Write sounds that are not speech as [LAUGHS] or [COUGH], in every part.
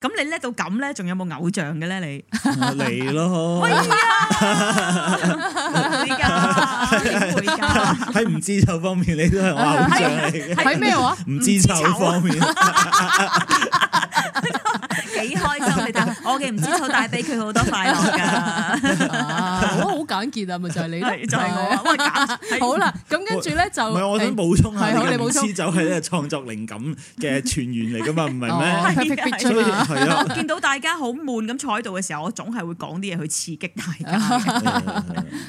咁你叻到咁咧，仲有冇偶像嘅咧？你嚟咯！喺唔知醜方面， [LAUGHS] 你都係我偶像嚟嘅。係咩話？唔、啊、知醜方面。 [LAUGHS] 幾開心，但係我嘅唔知錯帶俾佢好多快樂噶。我好簡潔啊，咪就係你嚟，就係我。喂，減好啦，咁跟住咧就唔係，我想補充下嘅。酒就係咧創作靈感嘅泉源嚟噶嘛，唔係咩？所以係咯。見到大家好悶咁坐喺度嘅時候，我總係會講啲嘢去刺激大家。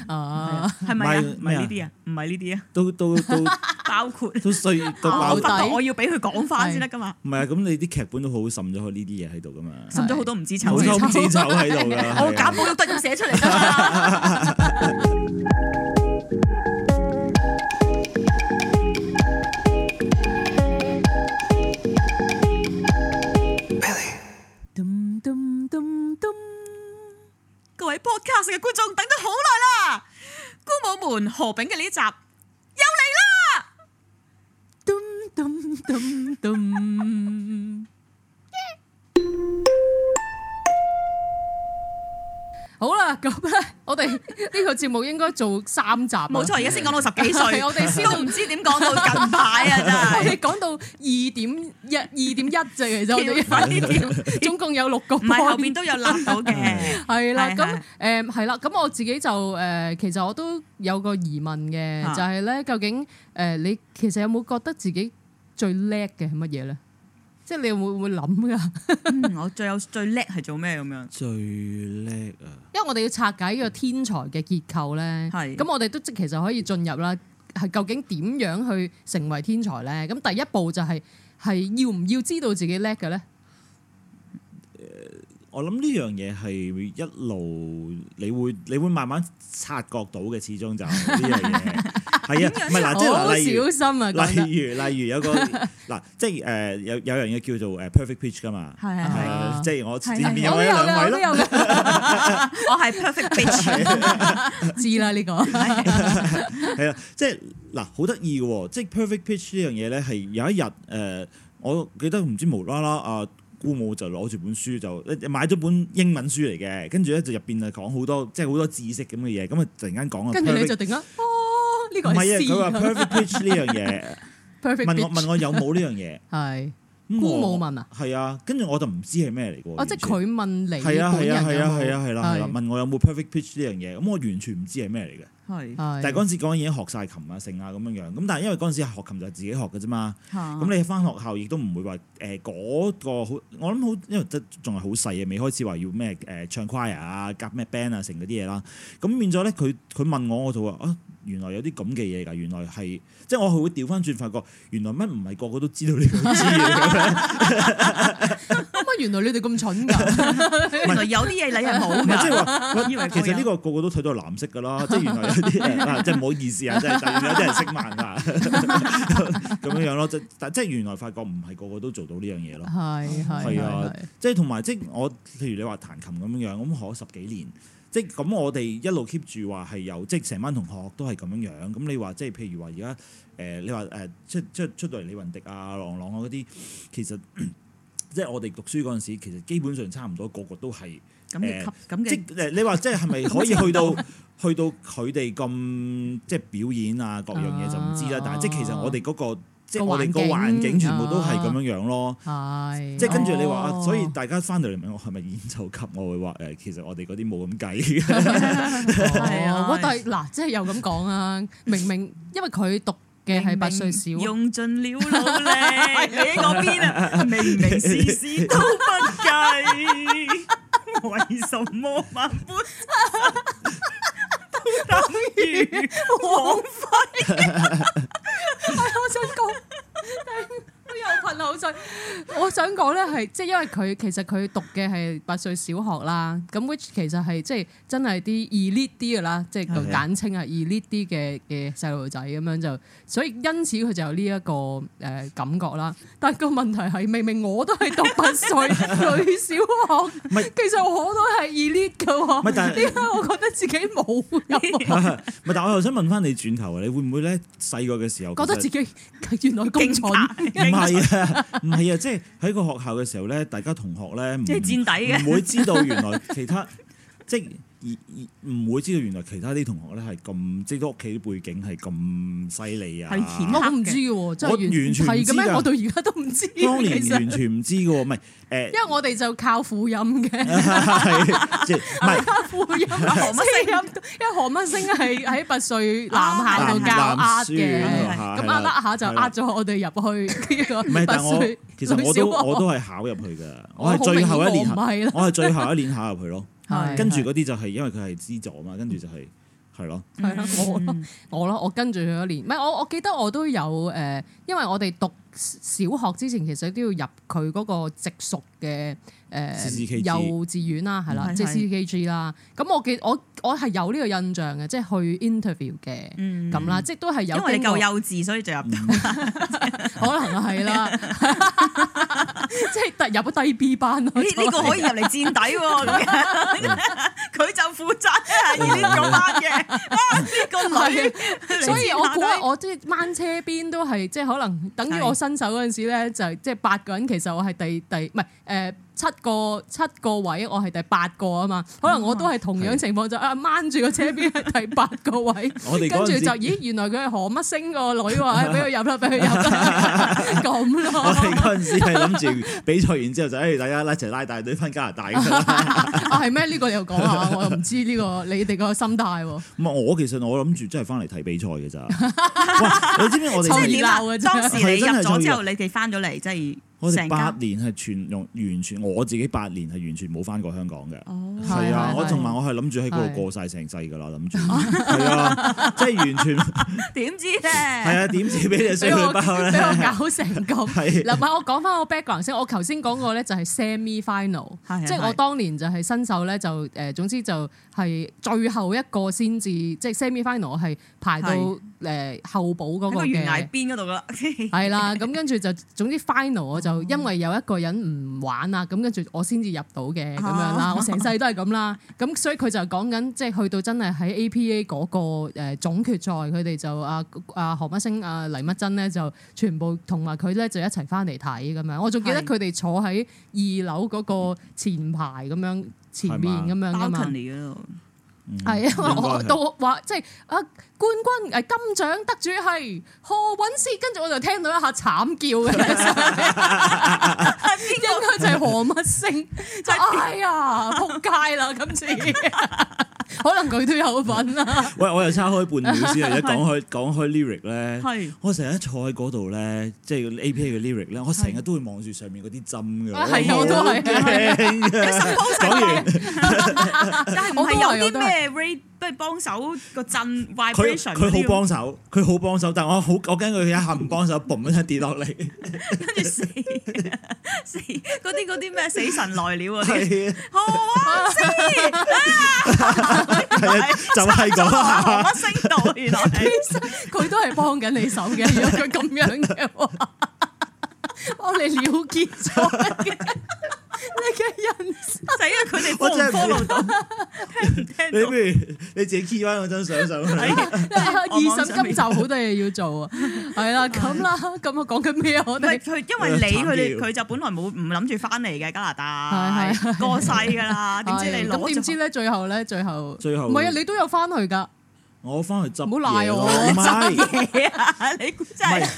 哦，係咪啊？唔係呢啲啊，唔係呢啲啊，都都都包括，都需要，都包括。我要俾佢講翻先得噶嘛？唔係啊，咁你啲劇本都好滲咗呢啲嘢喺度噶。滲咗好多唔知醜嘅嘢喺度啦，我假冇育都咁寫出嚟啫嘛。 [MUSIC] 各位 podcast 嘅觀眾等咗好耐啦，姑母們何丙嘅呢一集又嚟啦。 [MUSIC] [MUSIC] 好啦，咁咧，我哋呢個節目應該做三集啦。冇錯，而家先講到十幾歲，我哋 [LAUGHS] 都唔知點講到近排啊，真係講到二點一，二點一就其實我哋分呢點， [LAUGHS] 總共有六個，唔係後邊都有諗到嘅。係 [LAUGHS] [LAUGHS] 啦，咁誒的，係啦的，咁、嗯、我自己就誒，其實我都有個疑問嘅，就係咧，究竟誒，你其實有冇覺得自己最叻嘅係乜嘢咧？即係你會會諗㗎？我最有最叻係做咩咁樣？最叻啊！因為我哋要拆解呢個天才嘅結構咧，咁係我哋都即其實可以進入啦。係究竟點樣去成為天才咧？咁第一步就係、係、係要唔要知道自己叻嘅咧？誒、呃，我諗呢樣嘢係一路你會你會慢慢察覺到嘅，始終就係呢樣嘢。 [LAUGHS] 係啊，唔係嗱，即係小心啊，例如，例如，例如有個嗱，即係誒，有有樣嘢叫做誒 perfect pitch 噶嘛，係啊，即係我前面有咗兩位咯，我係 perfect pitch，知啦呢個係啊，即係嗱，好得意嘅喎，即係 perfect pitch 呢樣嘢咧，係有一日誒，我記得唔知無啦啦啊姑母就攞住本書就買咗本英文書嚟嘅，跟住咧就入邊係講好多即係好多知識咁嘅嘢，咁啊突然間講跟住你就點啊？呢個唔係啊！佢話 perfect pitch 呢樣嘢， [LAUGHS] Perfect 問我問我有冇呢樣嘢？係冇問啊？係啊！跟住我就唔知係咩嚟嘅。即係佢問你。係啊！係啊！係啊！係啊！係啦！係啦！問我有冇 perfect pitch 呢樣嘢？咁我完全唔知係咩嚟嘅。但係嗰陣時講嘢都學曬琴啊、成啊咁樣樣。咁但係因為嗰陣時學琴就係自己學嘅啫嘛。嚇。咁你返學校亦都唔會話誒嗰個好，我諗好，因為都仲係好細嘅，未開始話要咩誒唱 choir 啊、夾咩 band 啊成嗰啲嘢啦。咁變咗咧，佢佢問我，我就話啊。原來有啲咁嘅嘢㗎，原來係即係我會調翻轉發覺，原來乜唔係個個都知道呢啲嘢咁樣。乜 [LAUGHS] 原來你哋咁蠢㗎？ [LAUGHS] 原來有啲嘢你係冇㗎。即係話，其實呢、呢個個個都睇到藍色㗎啦，即係原來有啲、 [LAUGHS] 呃、即係唔好意思啊， [LAUGHS] 即係有啲人色盲㗎，咁樣樣咯。即即係原來發覺唔係個個都做到呢樣嘢咯。係係啊，即係同埋即係我，譬如你話彈琴咁樣樣，咁學咗十幾年。即咁我哋一路 keep 住話係由即成班同學都係咁樣樣，咁你話即係譬如話而家誒你話誒出出出到嚟李雲迪啊、郎朗啊嗰啲，其實即係我哋讀書嗰陣時，其實基本上差唔多個個,個都係誒，嗯呃、即誒即你話即係係咪可以去到 [LAUGHS] 去到佢哋咁即係表演啊各樣嘢就唔知啦，哦哦、但係即其實我哋嗰、嗰個。即我哋個環境、啊、全部都係咁樣樣咯，是即係跟住你話、哦、所以大家翻到嚟問我係咪演奏級，我會話誒，其實我哋嗰啲冇咁計。我、哦哎哎、但係嗱，即係又咁講啊，明明因為佢讀嘅係八歲小用盡了力，你喺嗰邊啊？明明事事都不計，為什麼萬般？哈哈。等於王輝，係我想講，又噴口水。我想講咧，係即係因為佢其實佢讀嘅係八歲小學啦，咁 which 其實係即係真係啲 elite 啲噶啦，即係簡稱係 elite 啲嘅嘅細路仔咁樣就，所以因此佢就有呢一個誒感覺啦。但個問題係，明明我都係讀八歲女小學，其實我都係 elite。唔係，但係點解我覺得自己冇？唔係，但係我又想問翻你，轉頭你會唔會咧，細個嘅時候覺得自己原來咁聰明？唔係啊，唔係啊，即係喺個學校嘅時候咧，大家同學咧，即係墊底嘅，唔會知道原來其他即唔會知道原來其他啲同學咧係咁，即係屋企啲背景係咁犀利啊！係填咯，唔知嘅我完全唔知嘅。我到而家都唔知。當年完全唔知嘅，唔係，因為我哋就靠父蔭嘅，即係靠父蔭。因為何文星係喺拔萃南下度教壓嘅，咁阿阿下就壓咗我哋入去呢個拔萃。唔係，但係我其實我都我都係考入去嘅，我係最後一年，我係最後一年考入去咯。跟住嗰啲就係因為佢係資助嘛，跟住就係、是、係咯，係啦， [LAUGHS] 我我咯，我跟住佢一年，唔係我我記得我都有誒，因為我哋讀小學之前其實都要入佢嗰個直屬嘅誒幼稚園啦，係啦，即 [NOISE] 係 C K G 啦，咁我記我我係有呢個印象嘅，即、就、係、是、去 interview 嘅咁啦，即係、嗯、都係有因為你夠幼稚所以就入唔到，可能係啦。 [LAUGHS] 即係突入咗低 B 班咯，呢、欸、個可以入嚟墊底喎、啊。佢 [LAUGHS] [LAUGHS] 就負責係呢班嘅，呢個女，所以我估我即係掹車邊都係即係可能，等於我新手嗰陣時咧，就即係八個人，其實我係第第唔係誒。七個七個位，我係第八個啊嘛，可能我都係同樣情況就的啊，掹住個車邊係第八個位，跟住就咦，原來佢係何乜星個女喎，俾佢入啦，俾佢入啦咁咯。 [LAUGHS] 我哋嗰陣時係諗住比賽完之後就大家一齊拉大隊翻加拿大嘅係咩？呢、 [LAUGHS] 啊呢個又講下，我又唔知呢、呢個你哋個心態喎。唔係，我其實我諗住真係翻嚟睇比賽嘅咋。你知唔知我哋當時你入咗之後，你哋翻咗嚟即係。我哋八年係全用完全我自己八年係完全冇翻過香港嘅，係啊！我同埋我係諗住喺嗰度過晒成世噶啦，諗住，即係完全點知咧？係啊！點知俾隻水餃包俾我搞成咁。嗱，我講翻我 background 先。我頭先講過咧就係 semi final，即係我當年就係新手咧就誒，總之就係最後一個先至，即係 semi final，我係排到誒後補嗰個嘅。喺個懸崖邊嗰度噶啦，係啦。咁跟住就總之 final 我就。因為有一個人唔玩啊，咁跟住我先至入到嘅咁、啊、樣啦，我成世都係咁啦。咁所以佢就講緊，即、就、係、是、去到真係喺 APA 嗰個誒總決賽，佢哋就啊啊何乜星啊黎乜真咧就全部同埋佢咧就一齊翻嚟睇咁樣。我仲記得佢哋坐喺二樓嗰個前排咁樣前面咁樣噶嘛。係啊吧、嗯，因為我都話即係啊。冠軍誒金獎得主係何韻詩，跟住我就聽到一下慘叫嘅。 [LAUGHS] 應該就係何乜星。真係、哎、呀，扑街啦今次，可能佢都有份啦。喂，我又差開半秒先，或者講開講開 lyric 咧，我成日坐喺嗰度咧，即係 A P A 嘅 lyric 咧，我成日都會望住上面嗰啲針嘅，係我都係，佢十鋪洗完，的但係我都有啲咩都係幫手個震 vibration，佢好幫手，佢好幫手，但係我好我驚佢一下唔幫手嘣一聲跌落嚟，跟住死死嗰啲啲咩死神來了嗰啲，好啊，死啊，就係咁啊，升到，啊、 [LAUGHS] 原來，其實佢都係幫緊你手嘅，如果佢咁樣嘅話。我嚟了結咗你嘅，呢個人就係因為佢哋 follow 唔聽到。你不如你自己 key 翻我張相上去。二嬸今就好多嘢要做啊，係啦，咁啦，咁我講緊咩啊？我哋因為你佢哋佢就本來冇唔諗住翻嚟嘅加拿大係過世噶啦，點知你諗，點知咧？最後咧，最後最後唔係啊，你都有翻去噶，我翻去執，唔好賴我，唔係你估真係。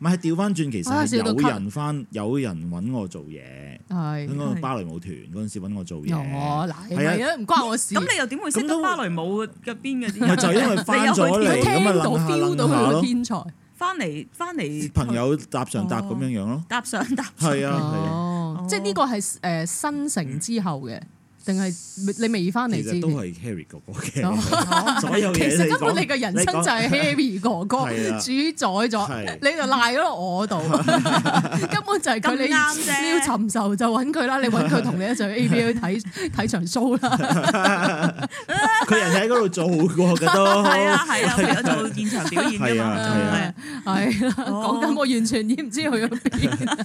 唔係，調翻轉其實係有人翻，有人揾我做嘢。係，應該芭蕾舞團嗰陣時揾我做嘢。哦，嗱，係啊，唔關我事。咁你又點會識到芭蕾舞入邊嗰啲？咪就因為翻咗嚟，咁咪諗下諗到佢個天才。翻嚟翻嚟，朋友搭上搭咁樣樣咯。搭上搭上，係啊，即係呢個係誒新城之後嘅。淨係你未翻嚟？其實都係 Harry 哥哥嘅， [LAUGHS] 所有嘢其實根本你嘅人生就係 Harry 哥哥主宰咗，你，說 [LAUGHS] 你就賴咗落我度， [LAUGHS] 根本就係咁你啱啫。你要尋仇就揾佢啦，你揾佢同你一齊去 AV 睇睇場 show 啦。佢人喺嗰度做過嘅都，係啊係啊，做現場表演嘅嘛、 [LAUGHS] 啊。係啦， [LAUGHS] 講緊我完全都唔知去咗邊。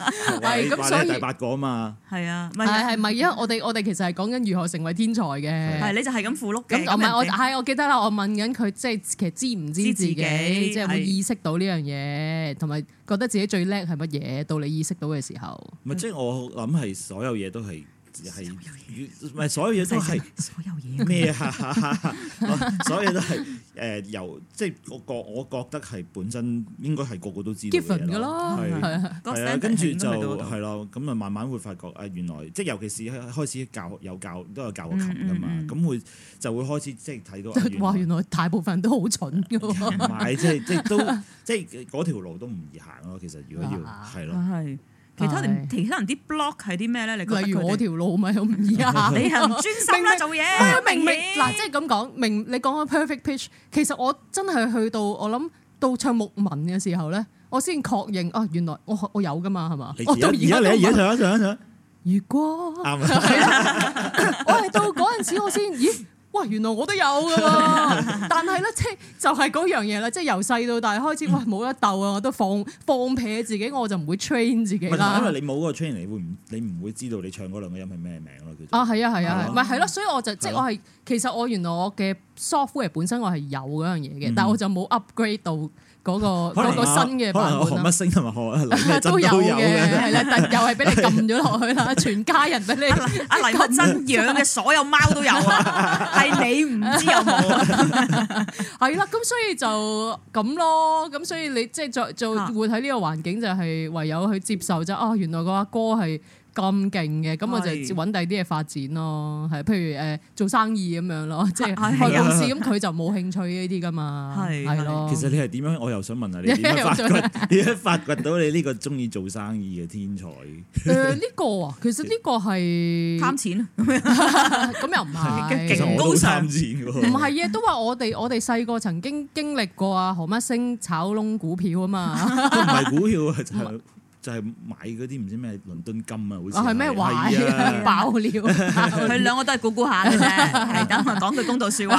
係咁，所以第八個啊嘛 [LAUGHS] 係啊，係係咪？因為我哋我哋其實係講緊如何成為天才嘅。係，你就係咁符碌咁。唔係那家我係我記得啦，我問緊佢即係其實知唔知，知自己，即係會意識到呢樣嘢，同埋覺得自己最叻係乜嘢，到你意識到嘅時候。唔係即係我諗係所有嘢都係。係，唔係所有嘢都係咩啊？所有嘢都係誒，由即係個個我覺得係本身應該係個個都知道嘅嘢咯。係啊，跟住就係咯，咁啊慢慢會發覺啊，原來即係尤其是喺開始教有教都有教過琴噶嘛，咁會就會開始即係睇到哇，原來大部分都好蠢㗎喎。唔係即係即係都即係嗰條路都唔易行咯。其實如果要係咯。其他人，其他人啲 block 係啲咩咧？例如我條路咪好唔易啊！你又唔專心啦做嘢，明明嗱，即係咁講明，你講緊 perfect pitch。其實我真係去到我諗到唱木文嘅時候咧，我先確認啊，原來我我有㗎嘛係嘛？我到而家嚟而家唱一唱一唱。如果，啱啊！我係到嗰陣時我先咦。哇！原來我都有噶，但係咧、就是，即係就係嗰樣嘢啦，即係由細到大開始，哇！冇得鬥啊，我都放放屁自己，我就唔會 train 自己啦。因為你冇嗰個 train 你會唔你唔會知道你唱嗰兩個音係咩名咯？其實啊，係啊係啊，唔係係咯，所以我就、啊、即係我係其實我原來我嘅 software 本身我係有嗰樣嘢嘅，嗯、但係我就冇 upgrade 到。嗰個新嘅版本乜聲同埋學都有嘅，係啦，突又係俾你撳咗落去啦， [LAUGHS] 全家人俾你阿、啊、黎學珍 [LAUGHS] 養嘅所有貓都有啊，係 [LAUGHS] 你唔知有冇，係啦， [LAUGHS] 咁所以就咁咯，咁所以你即係再就活喺呢個環境就係唯有去接受就啊、哦，原來個阿哥係。咁勁嘅，咁我就揾第啲嘢發展咯，係譬如誒做生意咁樣咯，即係開公司，咁佢就冇興趣呢啲噶嘛，係咯。其實你係點樣？我又想問下你點樣發掘，點樣發掘到你呢個中意做生意嘅天才？誒呢個啊，其實呢個係貪錢，咁又唔係勁都貪錢喎，唔係啊，都話我哋我哋細個曾經經歷過啊何乜星炒窿股票啊嘛，唔係股票係就係買嗰啲唔知咩倫敦金啊，好似係咩話爆料？佢兩個都係估估下啫，係咁講句公道說話。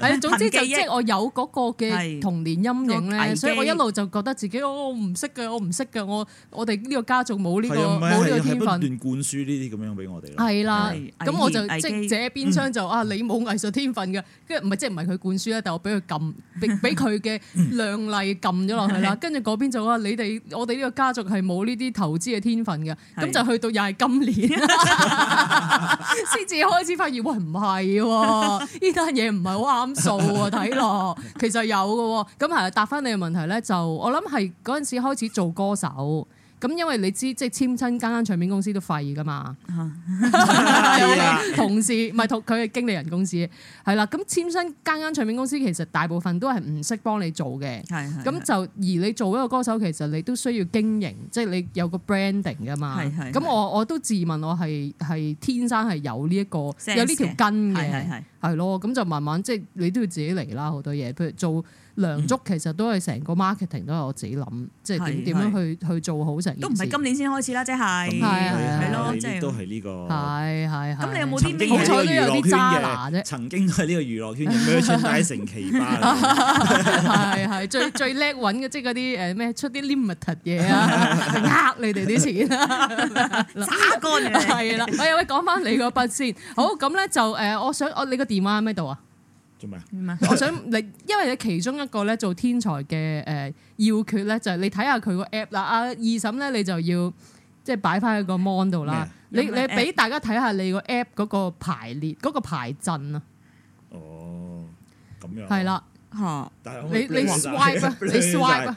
係啊，總之就即係我有嗰個嘅童年陰影咧，所以我一路就覺得自己我唔識嘅，我唔識嘅，我我哋呢個家族冇呢個冇呢個天分。不斷灌輸呢啲咁樣俾我哋啦，係啦，咁我就即係這邊廂就啊，你冇藝術天分嘅，跟住唔係即係唔係佢灌輸啊，但我俾佢撳俾俾佢嘅亮麗撳咗落去啦。跟住嗰邊就話你哋我哋呢個家族係冇。冇呢啲投資嘅天分嘅，咁是的 就去到又係今年先至 [LAUGHS] [LAUGHS] 開始發現，喂唔係喎，呢單嘢唔係好啱數喎，睇落 [LAUGHS] 其實有嘅喎，咁係答翻你嘅問題咧，就我諗係嗰陣時開始做歌手。咁因為你知，即係簽親間間唱片公司都廢㗎嘛， [LAUGHS] 吧 [LAUGHS] 同事唔係同佢係經理人公司，係啦。咁簽親間間唱片公司其實大部分都係唔識幫你做嘅，咁是就而你做一個歌手，其實你都需要經營，即、就、係、是、你有個 branding 㗎嘛。咁是我我都自問我係係天生係有呢、這、一個有呢條根嘅，係咯是的。咁就慢慢即係你都要自己嚟啦，好多嘢，譬如做。梁祝其實都係成個 marketing 都係我自己諗，即係點點樣去去做好成。都唔係今年先開始啦，即係。係係係， [NOISE] 都係呢、呢個。係係係。咁、嗯、你有冇啲好彩都有啲渣拿啫？曾經都係呢個娛樂圈入面出街成奇葩。係係最最叻揾嘅，即係嗰啲誒咩出啲 limit 嘢啊，呃你哋啲錢啦，渣乾嘢。係啦，哎喂，講翻你個筆先。好咁咧就誒、呃，我想我你個電話喺咩度啊？做咩？唔係，我想你， [LAUGHS] 因為你其中一個咧做天才嘅誒要訣咧，就係你睇下佢個 app 嗱，阿二嬸咧，你就要即係擺翻喺個 mon 度啦。麼你麼你俾大家睇下你個 app 嗰個排列嗰、嗰個排陣啊。哦，咁樣。係啦，嚇！你你 swipe，你 swipe 啊！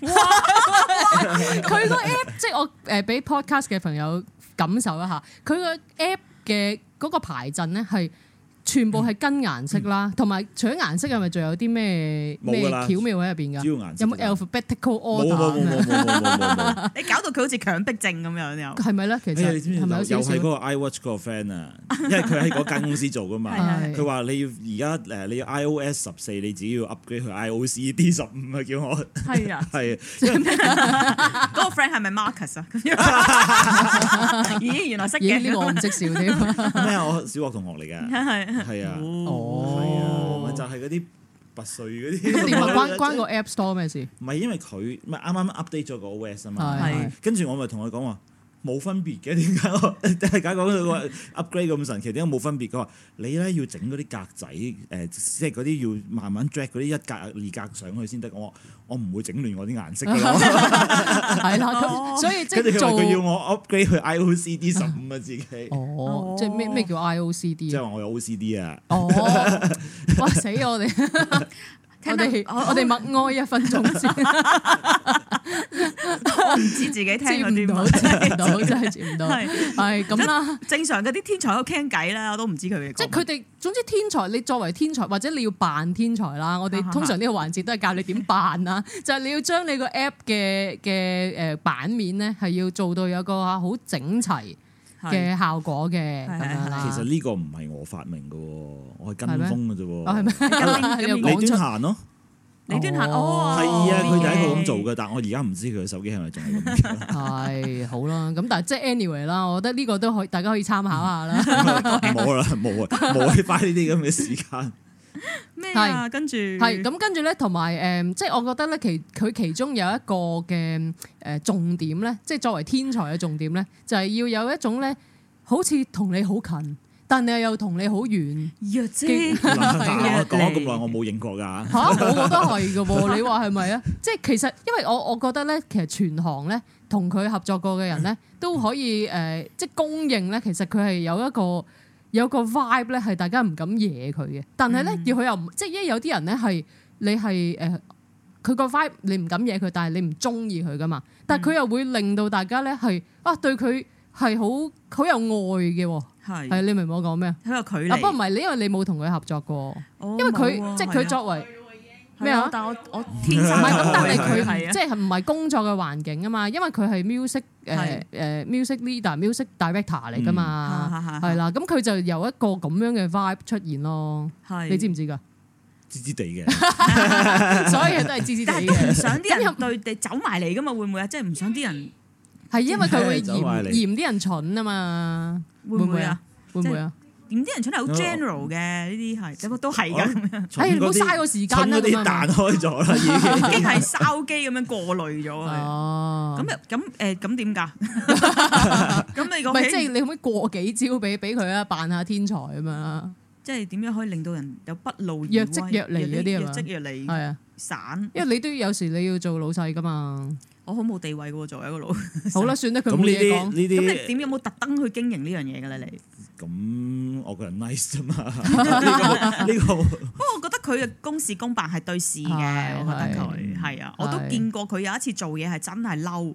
佢 [LAUGHS] 個 app 即係我誒俾 podcast 嘅朋友感受一下，佢個 app 嘅嗰個排陣咧係。全部係跟顏色啦，同埋除咗顏色，係咪仲有啲咩咩巧妙喺入邊㗎？主要顏色。有冇 alphabetical order 咁啊？你搞到佢好似強迫症咁樣又係咪咧？其實又係嗰個 I Watch 嗰個 friend 啊，因為佢喺嗰間公司做㗎嘛。佢話你要而家誒，你要 iOS 十四，你自己要 upgrade 去 iOS D 十五啊，叫我係啊，係。嗰個 friend 係咪 Marcus 啊？咦，原來識嘅呢我唔識少啲。咩？我小學同學嚟㗎。係啊，係、oh. 啊，咪就係嗰啲拔萃嗰啲，關關個 App Store 咩事？唔係，因為佢咪啱啱 update 咗個 OS 啊嘛，的跟住我咪同佢講話。冇分別嘅，點解？即係講到佢個 upgrade 咁神奇，點解冇分別？佢話你咧要整嗰啲格仔，誒、呃，即係嗰啲要慢慢 drag 嗰啲一格二格上去先得。我我唔會整亂我啲顏色嘅。係啦，oh, 所以即係佢要我 upgrade、哦、去 I O C D 十五啊自己。哦，即係咩咩叫 I O C D 即係話我有 O C D 啊？哦，哇死我哋！我哋 [LAUGHS] 我哋默哀一分鐘先。笑 correlation [LAUGHS] 我唔知自己聽唔到，真係接唔到。係咁啦。正常啲天才都傾偈啦，我都唔知佢哋。即係佢哋，總之天才，你作為天才或者你要扮天才啦。我哋通常呢個環節都係教你點扮啦， [LAUGHS] 就係你要將你個 app 嘅嘅誒版面咧，係要做到有個好整齊嘅效果嘅是 [LAUGHS] 樣其實呢個唔係我發明噶，我係跟風噶啫。我係咩？李、 [LAUGHS] 啊、 [LAUGHS] 出行咯、啊。你專行哦，係啊、哦，佢第一個咁做噶，但係我而家唔知佢手機係咪仲係咁。係好啦，咁但係即係 anyway 啦，我覺得呢個都可以，大家可以參考下啦、嗯。冇啦，冇啊， [LAUGHS] 冇花呢啲咁嘅時間。咩啊？跟住係咁，跟住咧，同埋誒，即、呃、係、就是、我覺得咧，其佢其中有一個嘅誒重點咧，即、就、係、是、作為天才嘅重點咧，就係、是、要有一種咧，好似同你好近。但係又同你好遠，若即係講咗咁耐，我冇認過㗎嚇，我覺得係嘅喎。你話係咪啊？即係其實，因為我我覺得咧，其實全行咧同佢合作過嘅人咧，都可以誒，即係公認咧，其實佢係有一個有個 vibe 咧，係大家唔敢惹佢嘅。但係咧，而佢又唔即係一有啲人咧係你係誒，佢個 vibe 你唔敢惹佢，但係你唔中意佢噶嘛。但係佢又會令到大家咧係啊，對佢。係好好有愛嘅，係係你明唔明我講咩？因為距離啊，不過唔係你，因為你冇同佢合作過，因為佢即係佢作為咩啊？但係我我唔係咁，但係佢即係唔係工作嘅環境啊嘛，因為佢係 music 誒誒 music leader、music director 嚟噶嘛，係啦，咁佢就有一個咁樣嘅 vibe 出現咯，你知唔知噶？滋滋地嘅，所以都係滋滋地，但係都唔想啲人對地走埋嚟噶嘛，會唔會啊？即係唔想啲人。係因為佢會嫌嫌啲人蠢啊嘛，會唔會啊？會唔會啊？嫌啲人蠢係好 general 嘅呢啲係，不過都係噶，唉，唔好嘥個時間啦。啲彈開咗啦，已經係筲箕咁樣過濾咗啊。哦，咁又咁誒，咁點噶？咁你個唔即係你可唔可以過幾招俾俾佢啊？扮下天才咁樣啦。即係點樣可以令到人有不露？若即若離嗰啲啊？若即若離係啊，散。因為你都有時你要做老細噶嘛。我好冇地位喎，做一個老。好啦，算啦，佢冇，咁你點有冇特登去經營呢樣嘢㗎咧？你咁我個人 nice 啫嘛。呢個不過，我覺得佢嘅公事公辦係對事嘅，我覺得佢係啊，我都見過佢有一次做嘢係真係嬲。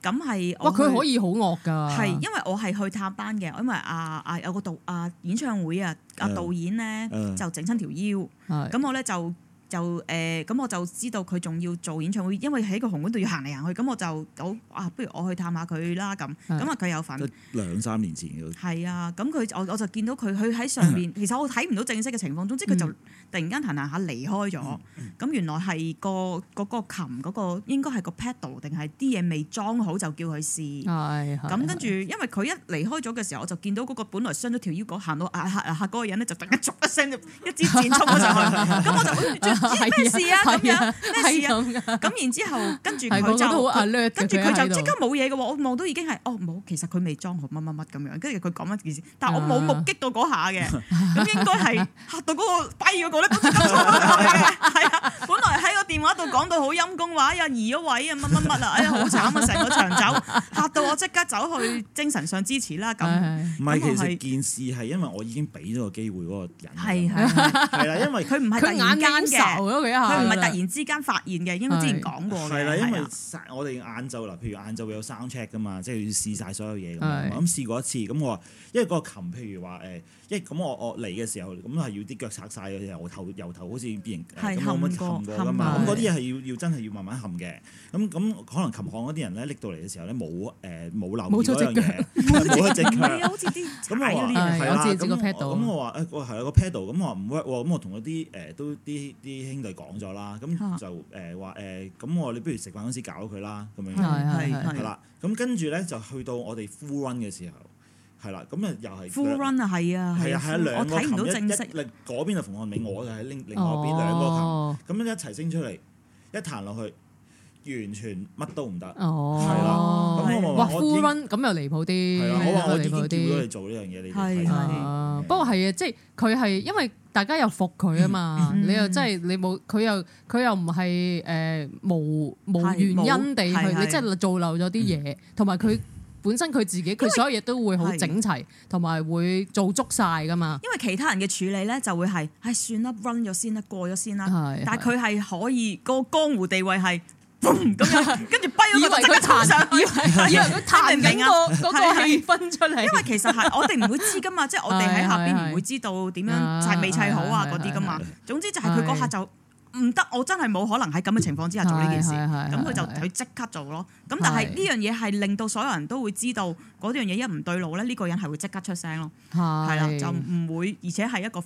咁係哇，佢可以好惡㗎。係因為我係去探班嘅，因為啊啊有個導啊演唱會啊啊導演咧就整親條腰，咁、啊、我咧就。就誒，咁我就知道佢仲要做演唱會，因為喺個紅館度要行嚟行去，咁我就啊，不如我去探下佢啦咁。咁啊，佢有份兩三年前嘅係啊，咁佢我我就見到佢，佢喺上邊。其實我睇唔到正式嘅情況，總之佢就突然間彈彈下離開咗。咁原來係個嗰琴嗰個應該係個 pedal 定係啲嘢未裝好，就叫佢試，係咁，跟住，因為佢一離開咗嘅時候，我就見到嗰個本來傷咗條腰骨，行到啊嚇啊嚇嗰個人咧，就突然間一聲，一支箭衝咗上去。咁我就知咩事啊？咁樣咩事啊？咁然之後，跟住佢就跟住佢就即刻冇嘢嘅喎。我望到已經係哦冇，其實佢未裝好乜乜乜咁樣。跟住佢講一件事，但我冇目擊到嗰下嘅。咁應該係嚇到嗰個跛嗰個咧，都跌咗落嚟嘅。係啊，本來喺個電話度講到好陰功話，呀，移咗位啊乜乜乜啦，哎呀好慘啊！成個場走嚇到我即刻走去精神上支持啦。咁唔係其實件事係因為我已經俾咗個機會嗰個人係係係啦，因為佢唔係突然間嘅。佢唔係突然之間發現嘅，因為之前講過。係啦，因為我哋晏晝啦，譬如晏晝會有 sound check 噶嘛，即係要試晒所有嘢。係。我咁試過一次，咁我話，因為個琴譬如話誒，因為咁我我嚟嘅時候，咁係要啲腳拆晒嘅，由頭由頭好似變。係冚過。冚埋。咁嗰啲嘢係要要真係要慢慢冚嘅。咁咁可能琴行嗰啲人咧拎到嚟嘅時候咧冇誒冇留意嗰樣嘢，冇一隻腳。好似啲踩我知知道。咁我話誒，我係有個 pad 咁，我話唔 work 喎，咁我同嗰啲誒都啲啲。啲兄弟講咗啦，咁就誒話誒，咁我你不如食飯嗰時搞佢啦，咁樣樣係係係啦，咁是跟住咧就去到我哋 full run 嘅時候，係啦，咁啊又係 full run 啊，係啊，係啊，係、啊、full 兩個琴一一，你嗰邊就馮漢銘，我就喺另另外邊，oh. 兩個琴，咁樣一齊升出嚟，一彈落去。完全乜都唔得，係啦。咁我話哇呼 u 咁又離譜啲。係啦，我話我直接叫咗做呢樣嘢，你不過係啊，即係佢係因為大家又服佢啊嘛。你又即係你冇佢又佢又唔係誒冇冇原因地去，你即係做漏咗啲嘢。同埋佢本身佢自己佢所有嘢都會好整齊，同埋會做足晒噶嘛。因為其他人嘅處理咧就會係係算啦，run 咗先啦，過咗先啦。但係佢係可以個江湖地位係。咁樣跟住畢嗰個即刻出上去，以為佢個彈嗰個嗰個氣氛出嚟。因為其實係我哋唔會知噶嘛，即係我哋喺下邊唔會知道點樣砌未砌好啊嗰啲噶嘛。總之就係佢嗰下就唔得，我真係冇可能喺咁嘅情況之下做呢件事。咁佢就佢即刻做咯。咁但係呢樣嘢係令到所有人都會知道嗰樣嘢一唔對路咧，呢個人係會即刻出聲咯。係啦，就唔會，而且係一個。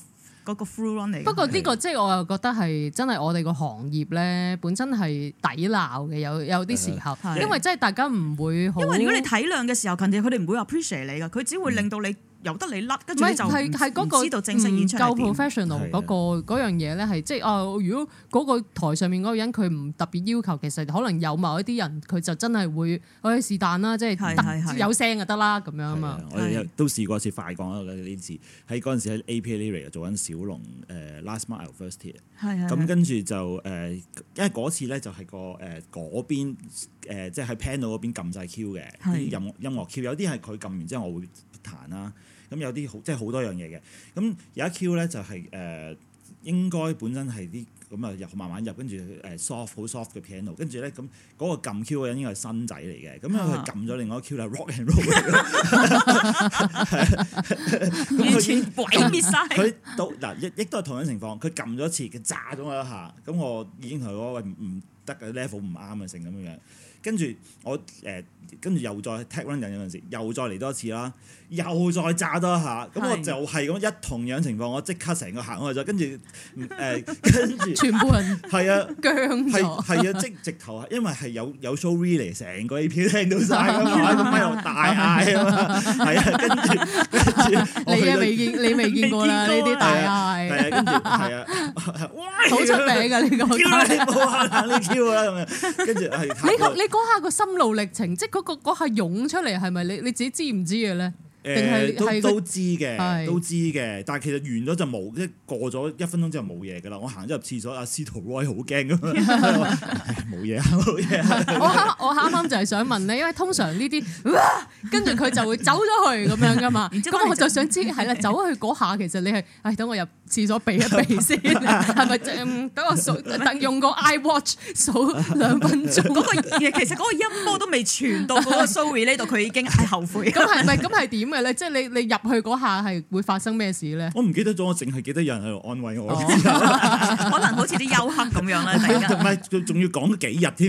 嗰個 full run 嚟。不過呢個即係是的 我又覺得係真係我哋個行業咧，本身係抵鬧嘅，有有啲時候，的因為真係大家唔會。因為如果你體諒嘅時候，其實佢哋唔會 appreciate 你嘅，佢只會令到你。嗯由得你甩，跟住就唔知道正式演唱。唔夠 professional 嗰個、那個、是的 樣嘢咧，係即係哦、呃。如果嗰個台上面嗰個人佢唔特別要求，其實可能有某一啲人，佢就真係會，我係是但啦，即係有聲就得啦咁樣啊嘛。我哋都試過一次快講呢啲字，喺嗰陣時喺 A.P.L.E.R.Y. 做緊小龍誒 Last Mile First Here。係咁跟住就誒，因為嗰次咧就係、那個誒嗰邊即係、就、喺、是、panel 嗰邊撳曬 Q 嘅音的音樂 Q，有啲係佢撳完之後我會彈啦。咁有啲好即係好多樣嘢嘅。咁有一 Q 咧就係、是、誒、呃、應該本身係啲咁啊入慢慢入，跟住誒 soft 好 soft 嘅 piano，跟住咧咁嗰個撳 Q 嘅人應該係新仔嚟嘅，咁佢撳咗另外一個 Q 就 [LAUGHS] rock and roll 嚟咯。哈哈完全毀滅晒。佢 [LAUGHS] 都嗱亦亦都係同樣情況，佢撳咗一次，佢炸咗我一下，咁我已經同佢講喂，唔得嘅 level 唔啱啊，成咁樣樣。跟住我誒，跟住又再踢 a k n e d o w 有時，又再嚟多次啦，又再炸多下，咁我就係咁一同樣情況，我即刻成個行開咗，跟住誒，跟住全部人係啊，僵咗，係啊，即直頭啊，因為係有有 story e a l l 成個 A P 聽到晒。曬，喺個麥度大嗌啊嘛，係啊，跟住跟住，你啊未見，你未見過啦呢啲大嗌，係啊，係啊，好出名㗎呢個，跳啦，你冇下冷啲啦咁啊，跟住係呢嗰下個心路歷程，即係嗰個嗰下湧出嚟，係咪你你自己知唔知嘅咧？定係都都知嘅，都知嘅，但係其實完咗就冇，即係過咗一分鐘之後冇嘢噶啦。我行咗入廁所，阿司徒威好驚啊！冇嘢，冇嘢，我啱啱就係想問咧，因為通常呢啲跟住佢就會走咗去咁樣噶嘛。咁我就想知係啦，走去嗰下其實你係等我入廁所避一避先，係咪？等我用個 I Watch 數兩分鐘。嗰個其實嗰個音波都未傳到嗰個 Suri 呢度，佢已經係後悔。咁係咪？咁係點？咁你即係你你入去嗰下，係會發生咩事咧？我唔記得咗，我淨係記得有人喺度安慰我。Oh. [LAUGHS] 可能好似啲休克咁樣咧，啊，仲 [LAUGHS] 要講幾日添。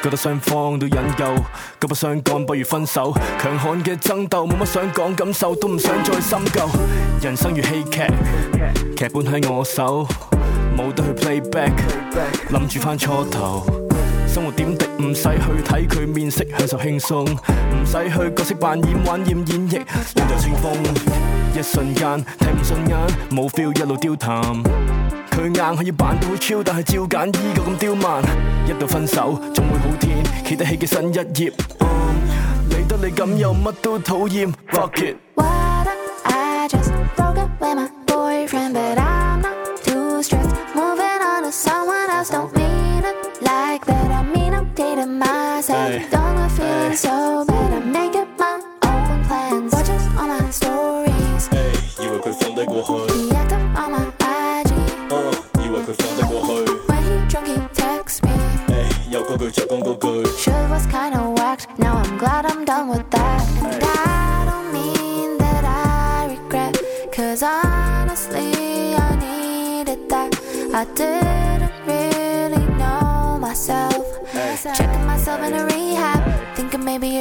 覺得雙方都忍夠，各不相干不如分手。強悍嘅爭鬥冇乜想講感受，都唔想再深究。人生如戲劇，劇本喺我手，冇得去 play back，諗住返初頭。生活點滴唔使去睇佢面色，享受輕鬆，唔使去角色扮演玩厭演繹，人在清風。一瞬間睇唔順眼，冇 feel 一路調談。佢硬可以扮到好超，但係照揀依舊咁刁蠻。一到分手，總會好天，企得起嘅新一頁。理、um, [MUSIC] 得你咁又乜都討厭。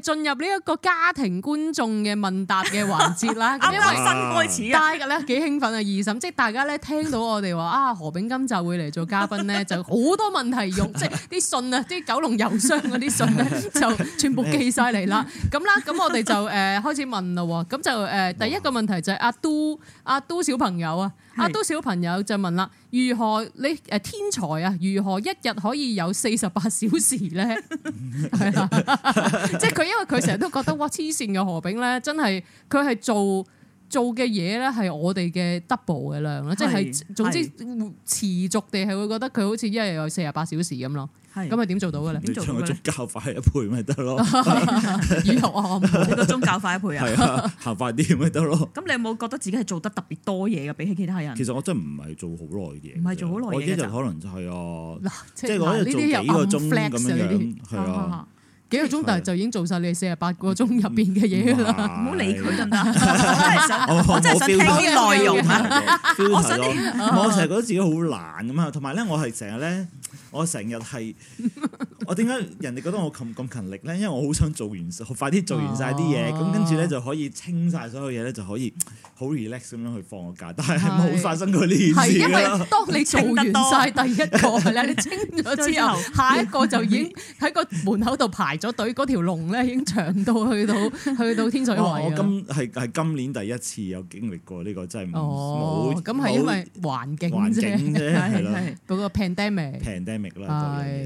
進入呢一個家庭觀眾嘅問答嘅環節啦，因為新開始，大㗎啦，幾興奮啊！二嬸，即係大家咧聽到我哋話啊，何炳金就會嚟做嘉賓咧，就好多問題用即係啲信啊，啲九龍郵箱嗰啲信咧，就全部寄晒嚟啦。咁啦麼，咁我哋就誒開始問啦。咁就誒第一個問題就係阿都阿都小朋友啊。啊，都小朋友就問啦：如何你誒、呃、天才啊？如何一日可以有四十八小時咧？即係佢，因為佢成日都覺得哇，黐線嘅何丙咧，真係佢係做做嘅嘢咧，係我哋嘅 double 嘅量啦，即係總之持續地係會覺得佢好似一日有四十八小時咁咯。係咁咪點做到噶咧？你做較快一倍咪得咯？如何我冇幾多鐘較快一倍啊？行快啲咪得咯。咁你有冇覺得自己係做得特別多嘢嘅？比起其他人，其實我真唔係做好耐嘢，唔係做好耐嘢咋。我一日可能就係啊，即係我一日做幾個鐘咁樣樣，係幾個鐘頭就已經做晒你四十八個鐘入邊嘅嘢啦，唔好理佢近啦，我真係想，我真係想聽內容啊！我成日覺得自己好懶咁啊，同埋咧，我係成日咧，我成日係，我點解人哋覺得我勤咁勤力咧？因為我好想做完，快啲做完晒啲嘢，咁，啊，跟住咧就可以清晒所有嘢咧，就可以好 relax 咁樣去放個假。但係係冇發生過呢件事。係因為當你做完晒第一個清你清咗之後，後下一個就已經喺個門口度排。咗隊嗰條龍咧，已經長到去到去到天水圍啊！我今係係今年第一次有經歷過呢個，真係冇咁，係因為環境啫，係啦，嗰個 pandemic pandemic 啦，係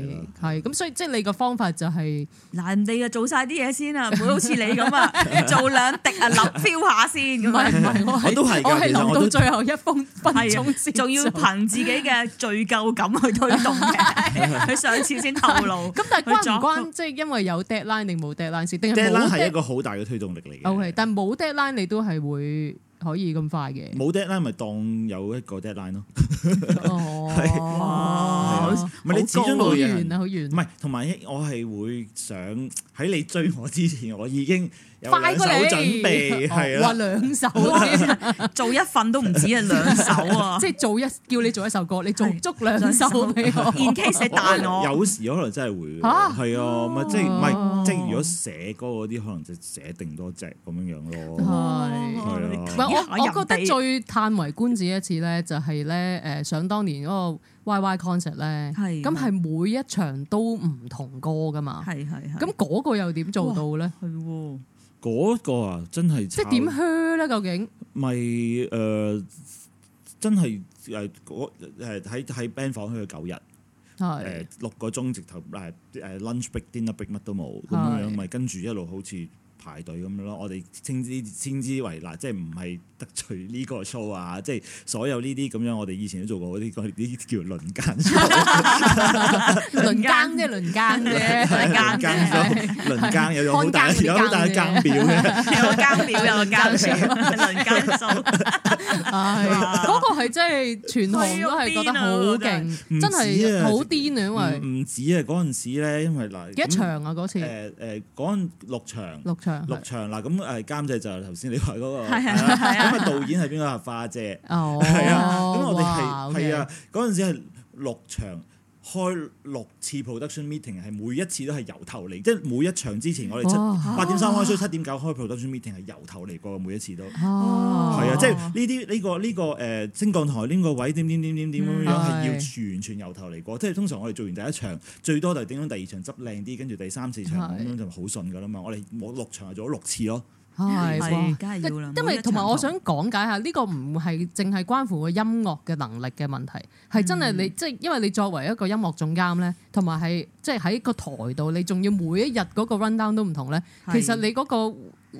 係咁，所以即係你個方法就係嗱，人哋嘅做晒啲嘢先啊，唔會好似你咁啊，做兩滴啊，諗 feel 下先。唔係唔係，我係我都係我係留到最後一分鐘先，仲要憑自己嘅罪疚感去推動嘅。佢上次先透露，咁但係關唔關即係因為？有 deadline 定冇 deadline 先，定係 deadline 係一個好大嘅推動力嚟嘅。OK，但冇 deadline 你都係會可以咁快嘅。冇 deadline 咪當有一個 deadline 咯。哦，係 [LAUGHS] 是啊，唔係 [LAUGHS] 是的你始終好遠，啊，好遠，啊！唔係，同埋我係會想喺你追我之前，我已經。快過嚟，話兩首做一份都唔止啊！兩首啊，即係做一叫你做一首歌，你做足兩首俾我。現 case 彈我，有時可能真係會，係啊，唔係即係唔係即係如果寫歌嗰啲，可能就寫定多隻咁樣樣咯。係，唔係我我覺得最嘆為觀止一次咧，就係咧誒，想當年嗰個 YY concert 咧，係咁係每一場都唔同歌噶嘛，係係係，咁嗰個又點做到咧？嗰個啊，真係即點 hurt 咧？究竟咪誒、呃、真係誒嗰誒喺喺 band 房 hurt 咗九日，誒是、呃、六個鐘直頭誒誒 lunch break dinner break 乜都冇，咁樣樣咪跟住一路好似。排隊咁樣咯，我哋稱之稱之為嗱，即係唔係得罪呢個 show 啊？即係所有呢啲咁樣，我哋以前都做過嗰啲，啲叫輪奸數，輪奸啫，輪奸啫，輪奸數，輪奸有咗好大，有咗大間表嘅，有間表有間表，輪奸數。唉，嗰個係真係全紅，都係覺得好勁，真係好癲啊！因為唔止啊，嗰陣時咧，因為嗱幾多場啊？嗰次誒誒嗰六場，六場。六場啦，咁誒監製就係頭先你話嗰個，咁啊 [LAUGHS] 導演係邊個啊？花姐，係啊， [LAUGHS] 咁我哋係係啊，嗰陣時，okay，係六場。開六次 production meeting 係每一次都係由頭嚟，即係每一場之前我哋七、啊、八點三開所以七點九開 production meeting 係由頭嚟過，每一次都係啊，對啊即係呢啲呢個呢、呢個誒升、呃、降台呢個位點點點點點咁樣係要完全由頭嚟過，即係通常我哋做完第一場最多就係點樣第二場執靚啲，跟住第三四場咁樣是就好順噶啦嘛，我哋我六場係做咗六次咯。係，梗係要啦。因為同埋我想講解下呢、個唔係淨係關乎個音樂嘅能力嘅問題，係真係你即係、嗯、因為你作為一個音樂總監咧，同埋係即係喺個台度你仲要每一日嗰個 run down 都唔同咧。是的 其實你嗰個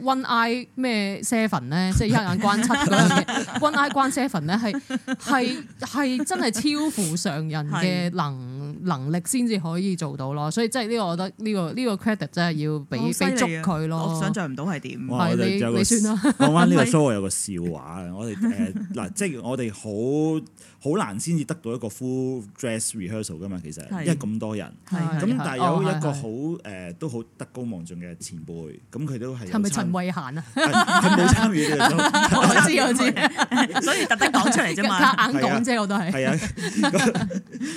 one eye 咩 seven 咧，即係是的 一眼關七咁樣嘅 [LAUGHS] ，one eye 關 seven 咧，係係係真係超乎常人嘅能力。能力先至可以做到咯，所以即係呢個，我覺得呢個呢個 credit 真係要俾俾足佢咯。想象唔到係點。你你算啦。講翻呢個 show，有個笑話我哋誒嗱，即係我哋好好難先至得到一個 full dress rehearsal 㗎嘛，其實因為咁多人。咁但係有一個好誒，都好德高望重嘅前輩，咁佢都係係咪陳慧嫻啊？佢冇參與嘅。我知我知，所以特登講出嚟啫嘛，硬講啫，我都係。係啊。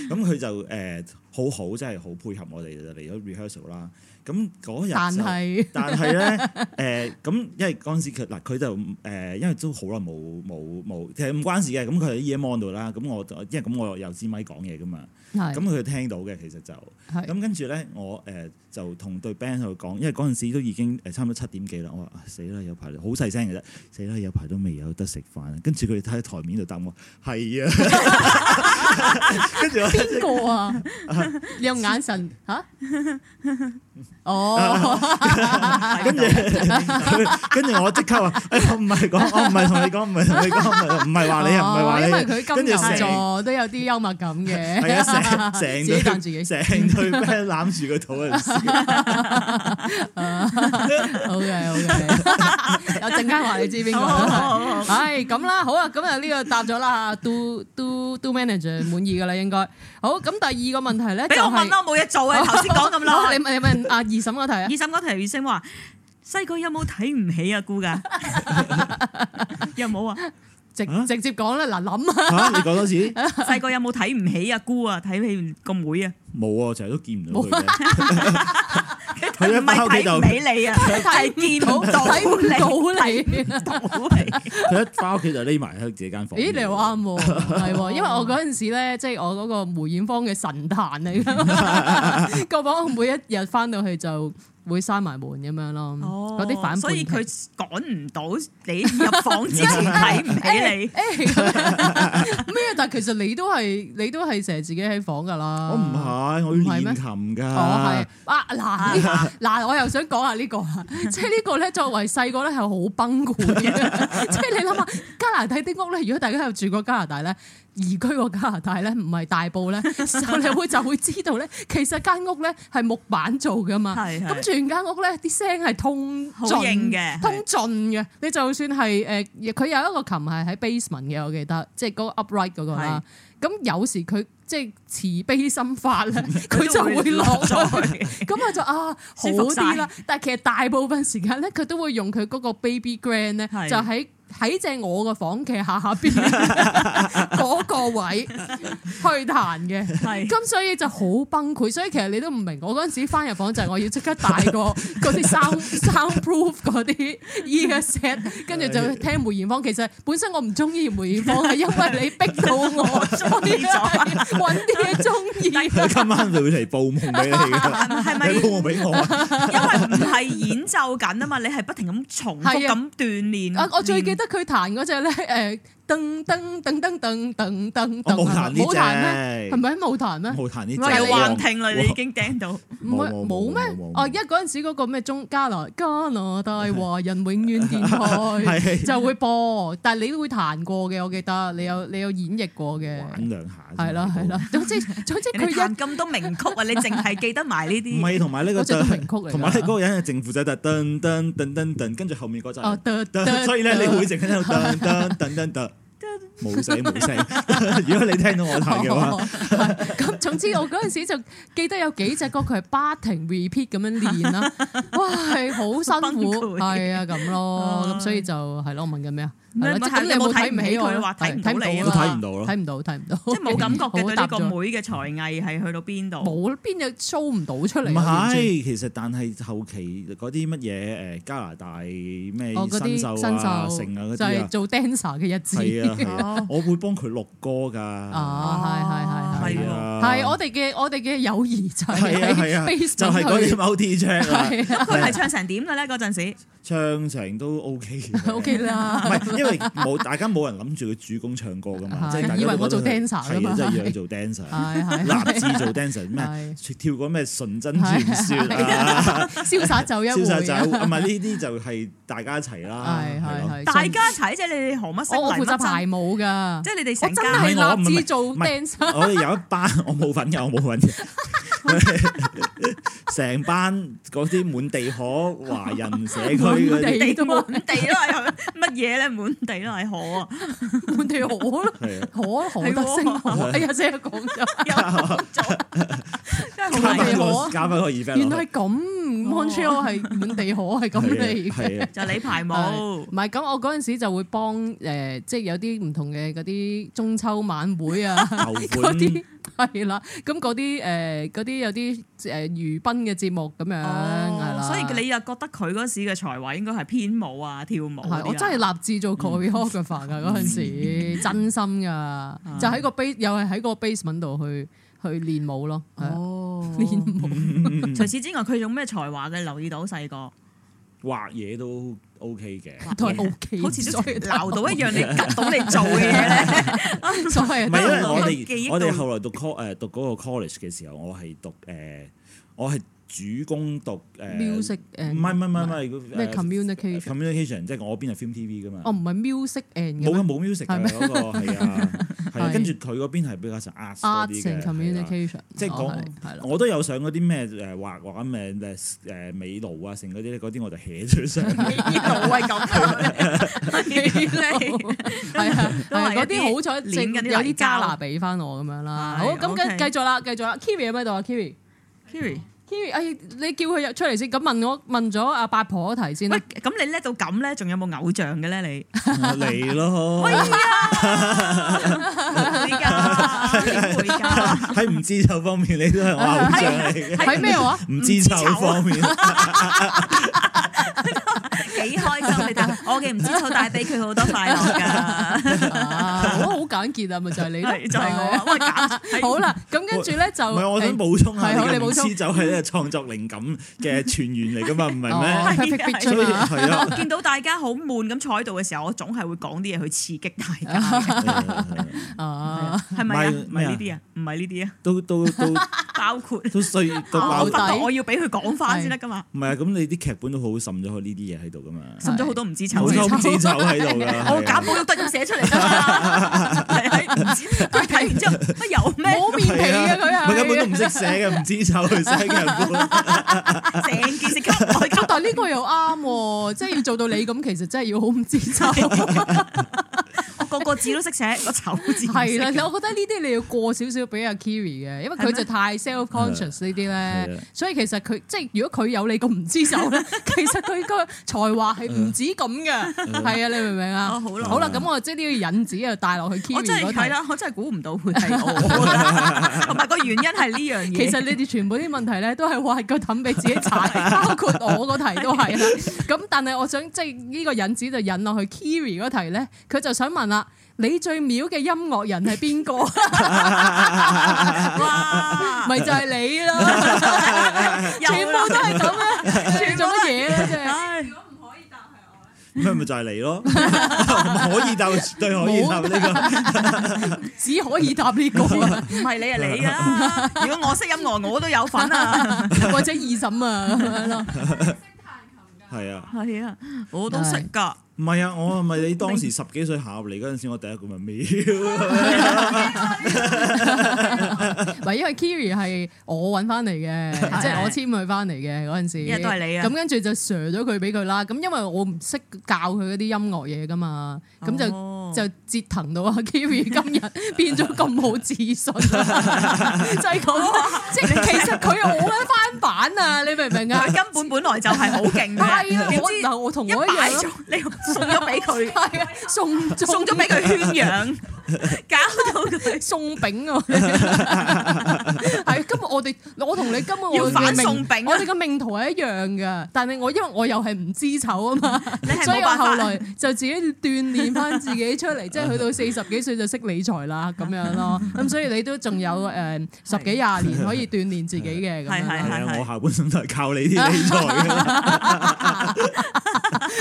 咁佢就誒。好好真係好配合，我哋就嚟咗 rehearsal 啦，咁嗰日但係，是但係咧，誒咁、 [LAUGHS] 呃、因為嗰陣時佢嗱佢就誒、呃、因為都好耐冇冇冇，其實唔關事嘅，咁佢喺 monitor 度啦，咁我因為咁我有支咪講嘢噶嘛。咁佢聽到嘅其實就咁跟住咧，我誒就同對 band 喺度講，因為嗰陣時都已經誒差唔多七點幾啦。我話死啦，有排好細聲嘅啫，死啦有排都未有得食飯啊。跟住佢喺台面度答我係啊，跟住邊個啊？你用眼神哦，跟住跟住我即刻話我唔係講，我唔係同你講，唔係同你講，唔係唔係話你，唔係話你，跟住成座都有啲幽默感嘅。成對成對 band 攬住個肚啊、哎！好嘅，好嘅，有陣間話你知邊個？唉，咁啦，好啦，咁啊呢個答咗啦，都都都 manager 滿意噶啦，應該。好，咁第二個問題咧，俾我問啦，冇嘢、就是、做 [LAUGHS] [LAUGHS] 啊，頭先講咁多，你問你問阿二嬸嗰題，二嬸嗰題，余聲話細個有冇睇唔起阿姑噶？有冇啊？ [LAUGHS] 直直接講啦，嗱諗啊！你講多次，細個有冇睇唔起阿姑啊？睇唔起個妹啊？冇啊，成日都見唔到佢。唔係睇唔起你啊，睇唔到你，睇唔到你。佢一翻屋企就匿埋喺自己間房。咦？你又啱喎，係喎，因為我嗰陣時咧，即係我嗰個梅艷芳嘅神壇嚟嘅，個房每一日翻到去就會閂埋門咁樣咯，有啲、哦、反叛，所以佢趕唔到你入 [LAUGHS] 房之前睇唔起你。咩啊？欸欸欸？但其實你都係你都係成日自己喺房㗎啦。我唔係，我要練琴㗎。哦，係啊，嗱、啊、嗱、啊 [LAUGHS] 啊，我又想講下呢、呢個啊，即係呢個咧，作為細個咧係好崩潰嘅，即係 [LAUGHS] 你諗下加拿大啲屋咧，如果大家喺度住過加拿大咧，移居過加拿大咧，唔係大埔咧，你會就會知道咧，其實間屋咧係木板做嘅嘛，咁 [LAUGHS] 全間屋咧啲聲係通盡嘅，通盡嘅。是的 你就算係誒，佢、呃、有一個琴係喺 basement 嘅，我記得，即係嗰個 upright 嗰、嗰個啦。咁是的 有時佢。即係慈悲心法咧，佢就會落咗去。咁我 [LAUGHS] 就啊好啲啦。但係其實大部分時間咧，佢都會用佢嗰個 baby grand 咧是，就喺喺正我嘅房企下下邊嗰 [LAUGHS] [LAUGHS] 個位去彈嘅。咁是所以就好崩潰。所以其實你都唔明，我嗰陣時翻入房就係我要即刻帶個嗰啲 sound, sound proof 嗰啲 earset，跟住就聽梅艷芳。其實本身我唔中意梅艷芳，係因為你逼到我中意搵啲嘢中意， [LAUGHS] 今晚佢嚟報夢俾你，係咪 [LAUGHS] 是？報夢俾我，因為唔係演奏緊啊嘛， [LAUGHS] 你係不停咁重複咁鍛鍊。啊，鍊我最記得佢彈嗰隻咧，誒。 [LAUGHS] 噔噔噔噔噔噔噔，我冇彈啲啫，係咪冇彈咩？冇彈啲啫。你幻聽啦，你已經驚到。冇冇冇咩？哦，一嗰陣時嗰個咩中加拿加拿大，但係話華人永遠電台就會播，但係你會彈過嘅，我記得你有你有演繹過嘅。玩兩下。係啦係啦，總之總之佢有咁多名曲啊！你淨係記得埋呢啲。唔係，同埋呢個就係名曲嚟。同埋呢嗰個嘢係政府仔特噔噔噔噔噔，跟住後面嗰就。哦。噔噔。所以咧，你會成日喺度噔噔噔噔噔。冇聲冇聲，如果你聽到我講嘅話，咁總之我嗰陣時就記得有幾隻歌佢係不停 repeat 咁樣練啦，哇，係好辛苦，係啊咁咯，咁所以就係咯，我問緊咩啊？咁你有冇睇唔起佢？睇唔到啦，睇唔到，睇唔到，即係冇感覺嘅。對呢個妹嘅才藝係去到邊度？冇邊隻 show 唔到出嚟？即係，其實但係後期嗰啲乜嘢，誒，加拿大咩新秀啊、剩啊嗰啲啊，就係做 dancer 嘅日子。我會幫佢錄歌㗎。啊，係係係係啊，係我哋嘅我哋嘅友誼就喺 Facebook 就係嗰啲某啲唱啦。佢係唱成點嘅咧？嗰陣時唱成都 OK。OK 啦，唔係因為冇大家冇人諗住佢主攻唱歌㗎嘛。即係以為我做 dancer 啊嘛。真係以為做 dancer。立志做 dancer 咩？跳個咩純真傳說啦，瀟灑就一。瀟灑就唔係呢啲，就係大家一齊啦。大家一齊啫，你何乜識嚟？係冇噶，即係你哋真係立志做 dancer 我哋 [LAUGHS] 有一班，我冇份噶，我冇份 [LAUGHS] 成班嗰啲滿地可華人社區嗰啲，地都滿地都係，又乜嘢咧？滿地可啊，滿地可咯，可可得星可，哎呀，成日講咗，又講咗，加翻個二番，原來係咁，Montreal 係滿地可係咁嚟嘅，就你排舞，唔係咁，我嗰陣時就會幫誒，即係有啲唔同嘅嗰啲中秋晚會啊，嗰啲。係啦，咁嗰啲誒嗰啲有啲誒娛賓嘅節目咁樣，哦、的所以你又覺得佢嗰時嘅才華應該係編舞啊跳舞啊？我真係立志做 choreographer 噶嗰陣時， [LAUGHS] 真心噶，嗯、就喺個 basement, 又係喺個 basement 度去去練舞咯。哦，練舞。 [LAUGHS] 除此之外，佢仲咩才華嘅？留意到細個畫嘢都。O K 嘅，OK、哇好似都鬧到一樣，你得到你做嘅嘢咧，唔係啊！ [LAUGHS] 我哋我哋後來讀 col 誒讀嗰個 college 嘅時候，我係讀誒、呃，我係。主攻讀 Music，唔係唔係唔係，咩 communication？communication 即係我邊係 film TV 㗎嘛？哦，唔係 music 冇啊，冇 music 㗎嗰個，係啊，係跟住佢嗰邊係比較成 art 嗰啲嘅。成 communication，即係講係我都有上嗰啲咩誒畫畫咩誒美勞啊，成嗰啲嗰啲我就 hea 出聲。美勞係咁，係啊，嗰啲好彩，整緊有啲加拿俾翻我咁樣啦。好，咁跟繼續啦，繼續啦，Kiri 喺咪度啊，Kiri，Kiri。哎，你叫佢入出嚟先，咁問我問咗阿八婆提先。喂，咁你叻到咁咧，仲有冇偶像嘅咧？你嚟咯！喺唔知醜方面，你都係偶像嚟嘅、 [LAUGHS] [LAUGHS] 啊。喺咩話？唔知醜。方面。幾開心你得？我嘅唔知錯帶俾佢好多快樂㗎，我都好簡潔啊，咪就係你嚟，就係我。好啦，咁跟住咧就係我想補充下，唔知就係咧創作靈感嘅泉源嚟噶嘛，唔係咩？所以係咯。見到大家好悶咁坐喺度嘅時候，我總係會講啲嘢去刺激大家。哦，係咪啊？唔係呢啲啊，唔係呢啲啊，都都都包括都衰個爆底。我要俾佢講翻先得噶嘛？唔係啊，咁你啲劇本都好滲咗呢啲嘢喺度噶嘛？滲咗好多唔知錯。唔知醜喺度嘅，我揀冇得咁寫出嚟㗎。佢睇 [LAUGHS] 完之後乜，啊、有咩？好面皮嘅佢係，佢的根本都唔識寫嘅，唔知醜去寫嘅。成件事交代交代，但呢個又啱喎，即係要做到你咁，其實真係要好唔知醜。個個字都識寫個醜字係啦，我覺得呢啲你要過少少俾阿 Kiri 嘅，因為佢就太 self-conscious 呢啲咧。所以其實佢即係如果佢有你咁唔知醜咧，其實佢個才華係唔止咁嘅。係啊，你明唔明啊？好啦，咁我即呢個引子啊，帶落去 Kiri 嗰。我真係係啦，我真係估唔到會係我，同埋個原因係呢樣嘢。其實你哋全部啲問題咧，都係挖個氹俾自己踩。包括我個題都係啦。咁但係我想即係呢個引子就引落去 Kiri 嗰題咧，佢就想問啊。你最妙嘅音樂人係邊個？哇，咪就係你咯！全部都係咁啊！做乜嘢啊？真係如果唔可以答係我，係咪就係你咯？可以答，絕對可以答呢個，只可以答呢個，唔係你啊你啦！如果我識音樂，我都有份啊！或者二嬸啊咁樣咯。識彈琴㗎？係啊，係啊，我都識㗎。唔係啊，我咪你當時十幾歲考入嚟嗰陣時，我第一個咪屌。唔係因為 Kiri 係我揾翻嚟嘅，即係我簽佢翻嚟嘅嗰陣時，都係你啊。咁跟住就 share 咗佢俾佢啦。咁因為我唔識教佢嗰啲音樂嘢㗎嘛，咁就就折騰到啊 Kiri 今日變咗咁冇自信，就係咁。即係其實佢又冇得翻版啊，你明唔明啊？根本本來就係好勁嘅，點知我同我一樣。送咗俾佢，送送咗俾佢圈養，搞到送餅啊！係，今日我哋我同你，今日我嘅命，我哋嘅命途係一樣噶。但係我因為我又係唔知醜啊嘛，所以我後來就自己鍛煉翻自己出嚟，即係去到四十幾歲就識理財啦，咁樣咯。咁所以你都仲有誒十幾廿年可以鍛煉自己嘅。係係係，我下半生都係靠你啲理財。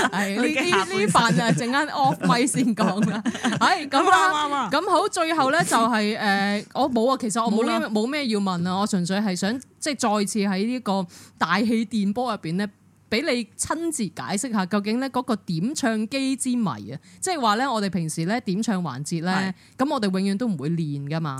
係呢啲呢份啊，陣間 off mic 先講啦。係咁啦，咁好，最後咧就係誒，我冇啊，其實我冇冇咩要問啊，我純粹係想即係再次喺呢個大氣電波入邊咧，俾你親自解釋下究竟咧嗰個點唱機之謎啊！即係話咧，我哋平時咧點唱環節咧，咁我哋永遠都唔會練噶嘛，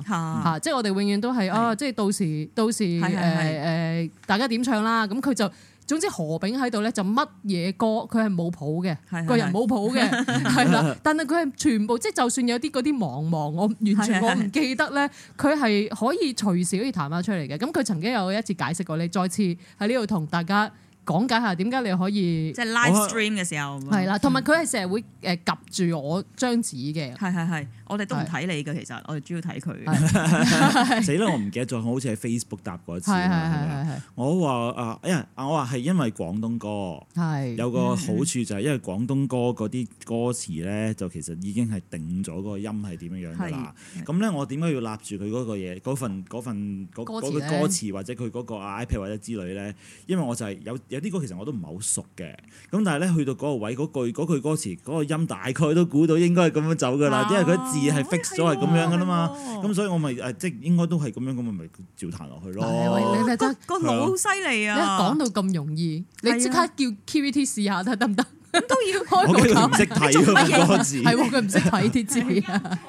即係我哋永遠都係啊，即係到時到時誒誒，大家點唱啦，咁佢就。總之何丙喺度咧就乜嘢歌佢係冇譜嘅。是的 個人冇譜嘅，係啦。 [LAUGHS] 但係佢係全部即係就算有啲嗰啲茫茫，我完全是的 我唔記得咧，佢係可以隨時可以彈翻出嚟嘅。咁佢曾經有一次解釋過你，再次喺呢度同大家講解下點解你可以即係 live stream 嘅時候係啦，同埋佢係成日會誒夾住我張紙嘅，係係係。我哋都唔睇你嘅，是其實我哋主要睇佢。死啦是！ [LAUGHS] 我唔記得咗，好似喺 Facebook 答過一次。的的我話啊，因為我話係因為廣東歌，的有個好處就係因為廣東歌嗰啲歌詞咧，就其實已經係定咗嗰個音係點樣樣㗎啦。咁咧的，我點解要立住佢嗰個嘢、嗰份、份、嗰歌，歌詞或者佢嗰個 iPad 或者之類咧？因為我就係、係、有有啲歌其實我都唔係好熟嘅。咁但係咧，去到嗰個位嗰句句歌詞嗰、嗰個音大概都估到應該係咁樣走㗎啦，啊、因為佢。而係 fix 咗係咁樣噶啦嘛，咁所以我咪誒，即係應該都係咁樣，咁咪咪照彈落去咯。你咪個腦好犀利啊！你講到咁容易，你即刻叫 QVT 試下得唔得？都要開個眼識睇個字，係喎，佢唔識睇 v 字啊！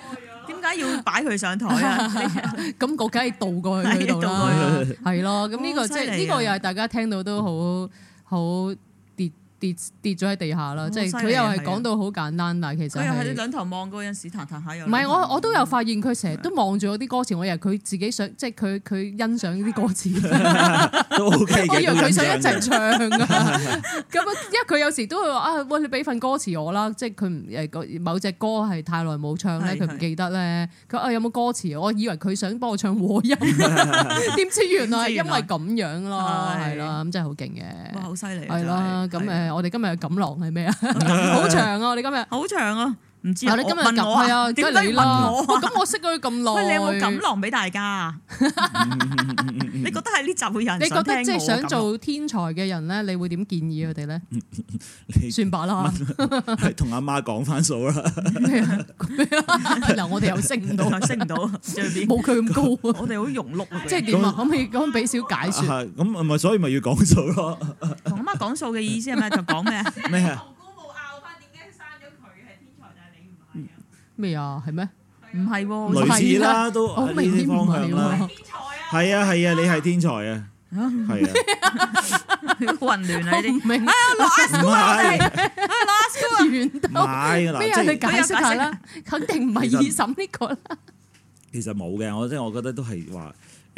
點解要擺佢上台啊？咁我梗係倒過去佢度啦，係咯。咁呢個即係呢個又係大家聽到都好好。跌咗喺地下啦，即係佢又係講到好簡單，但係其實係兩頭望嗰陣時彈彈下又唔係我，我都有發現佢成日都望住我啲歌詞，我以為佢自己想即係佢佢欣賞呢啲歌詞我以為佢想一直唱㗎，咁因為佢有時都會話啊，喂你俾份歌詞我啦，即係佢唔某隻歌係太耐冇唱咧，佢唔記得咧，佢啊有冇歌詞？我以為佢想幫我唱和音，點知原來係因為咁樣咯，係啦，咁真係好勁嘅，哇，好犀利，係啦，咁誒。我哋今日嘅錦囊係咩啊？好 [LAUGHS] [LAUGHS] 長啊！我哋今日好長啊！唔知啊？問我啊？點解你問我啊？咁我識佢咁耐，你有冇錦囊俾大家啊？你覺得係呢集嘅人，你覺得即係想做天才嘅人咧，你會點建議佢哋咧？算罷啦，係同阿媽講翻數啦。嗱，我哋又升唔到，升唔到，冇佢咁高。我哋好庸碌，即係點啊？可唔可以講俾少解説？咁咪，所以咪要講數咯。同阿媽講數嘅意思係咩？就講咩？咩啊？咩啊？係咩？唔係喎，類似啦，都係啲方向啦。係啊係啊，你係天才啊！係啊，混亂啊！我唔明，唔係，唔係，唔係，邊個嚟解釋下啦？肯定唔係二審呢個啦。其實冇嘅，我即係我覺得都係話。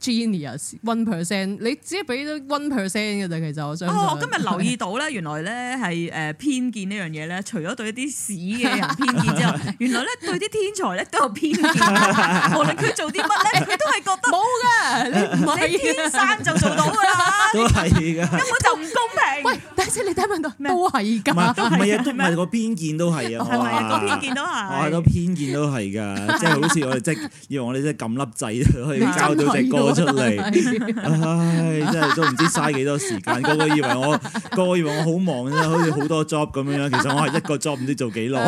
Genius one percent，你只係俾咗 one percent 嘅啫。其實我想，哦，我今日留意到咧，原來咧係誒偏見呢樣嘢咧，除咗對一啲屎嘅人偏見之後，原來咧對啲天才咧都有偏見。無論佢做啲乜咧，佢都係覺得冇㗎。你天生就做到㗎啦，都係㗎，根本就唔公平。喂，等陣你等下問到咩？都係㗎，唔係啊，都唔係偏見都係啊，我偏見都係啊，我偏見都係㗎，即係好似我哋即係以為我哋即係咁粒仔去教到隻歌，出嚟，唉，真係都唔知嘥幾多時間。個個以為我，個個以為我好忙啫，好似好多 job 咁樣。其實我係一個 job，唔知做幾耐。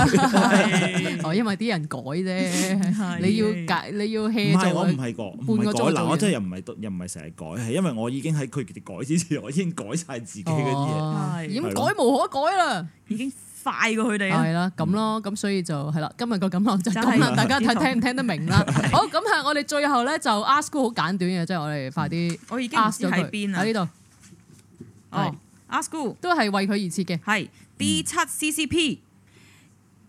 哦，因為啲人改啫，你要改，你要 hea 咗。唔係我唔係個，唔係改嗱，我真係又唔係，又唔係成日改，係因為我已經喺佢哋改之前，我已經改晒自己嘅嘢，已經改無可改啦，已經。快過佢哋係啦，咁咯，咁所以就係啦。今日個感覺，就咁啦，大家睇聽唔聽得明啦？好，咁啊，我哋最後咧就 ASKGOO 好簡短嘅，即係我哋快啲。我已經設喺邊啦，喺呢度。哦，ASKGOO 都係為佢而設嘅。係 D 七 CCP，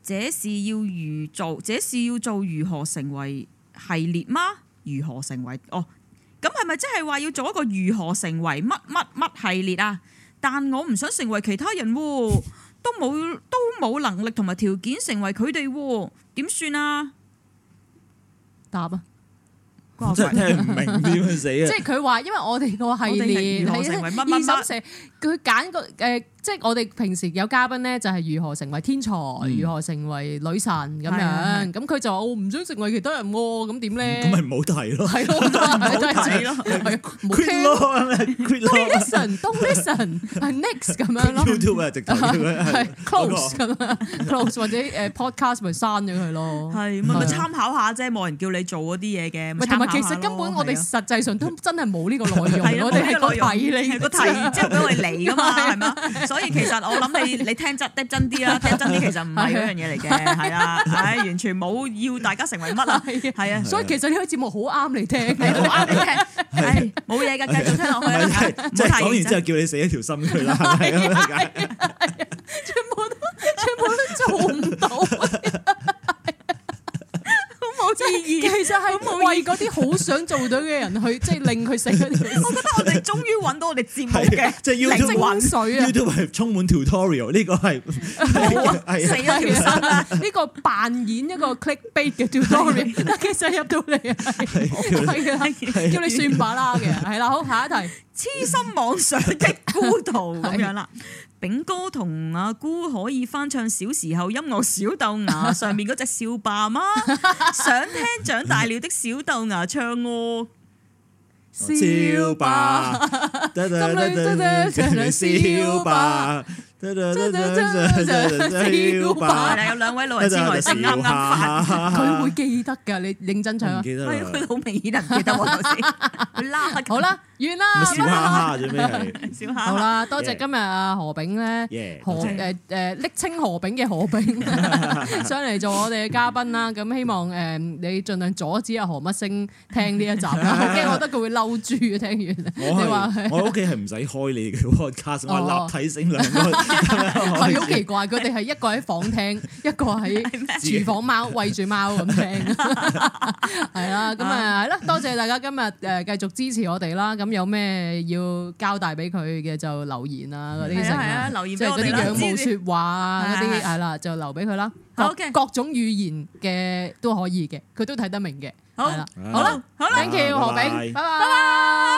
這是要如做？這是要做如何成為系列嗎？如何成為？哦，咁係咪即係話要做一個如何成為乜乜乜系列啊？但我唔想成為其他人喎。都冇都冇能力同埋條件成為佢哋，點算啊？答啊！我真係聽唔明點死啊！即係佢話，因為我哋個系列係二十社，佢揀個誒。即係我哋平時有嘉賓咧，就係如何成為天才，如何成為女神咁樣。咁佢就唔中意想成為其他人，咁點咧？咁咪唔好睇咯，唔好睇咯，唔好睇咯，Queen 咯，Queen 咯，Don't Listen，係 Next 咁樣咯 Close 咁啊，Close 或者誒 Podcast 咪刪咗佢咯，係咪參考下啫？冇人叫你做嗰啲嘢嘅，同埋其實根本我哋實際上都真係冇呢個內容，我哋係個睇你個睇，即係因為你噶嘛，係嘛。所以其實我諗你你聽真得真啲啦， [LAUGHS] 聽真啲其實唔係嗰樣嘢嚟嘅，係 [LAUGHS] 啊，係、哎、完全冇要大家成為乜 [LAUGHS] 啊，係啊，所以其實呢個節目好啱你聽，好啱嚟聽，冇嘢噶，繼續聽落去，即係講完之後叫你死一條心去啦、 [LAUGHS] 嗯，全部都全部都做唔到。即係，其實係為嗰啲好想做到嘅人去，即係令佢食。我覺得我哋終於揾到我哋節目嘅，即係要蒸水啊！YouTube 係充滿 tutorial，呢個係冇啊，死啦！其實呢個扮演一個 click bait 嘅 tutorial，其實入到嚟係係啊， [LAUGHS] 覺得 [LAUGHS] [LAUGHS] 叫你算把啦嘅，係啦，好下一題，痴心妄想的孤獨咁樣啦。 [LAUGHS] [LAUGHS] 炳哥同阿姑可以翻唱小時候音樂小豆芽上面嗰隻笑爸媽？想聽長大了的小豆芽唱歌，笑爸，心裏笑爸，笑 [NOISE] 爸樂，有兩位老人之外先啱啱發，佢話會記得噶，你認真唱，記得，但唔記得，記得我頭先， [LAUGHS] 好啦。完啦！燒蝦做咩啊？好啦，多謝今日阿何丙咧，何誒誒暱稱何丙嘅何丙上嚟做我哋嘅嘉賓啦。咁希望誒你盡量阻止阿何乜星聽呢一集啦，我驚我覺得佢會嬲豬。聽完你話，我屋企係唔使開你嘅，加上話立體聲兩個，係好奇怪。佢哋係一個喺房聽，一個喺廚房貓餵住貓咁聽。係啦，咁啊係啦，多謝大家今日誒繼續支持我哋啦。咁。有咩要交代俾佢嘅就留言啊，嗰啲即係嗰啲仰慕說話啊，啲係啦，就留俾佢啦。各各種語言嘅都可以嘅，佢都睇得明嘅。好，好啦，thank you 何丙，拜拜。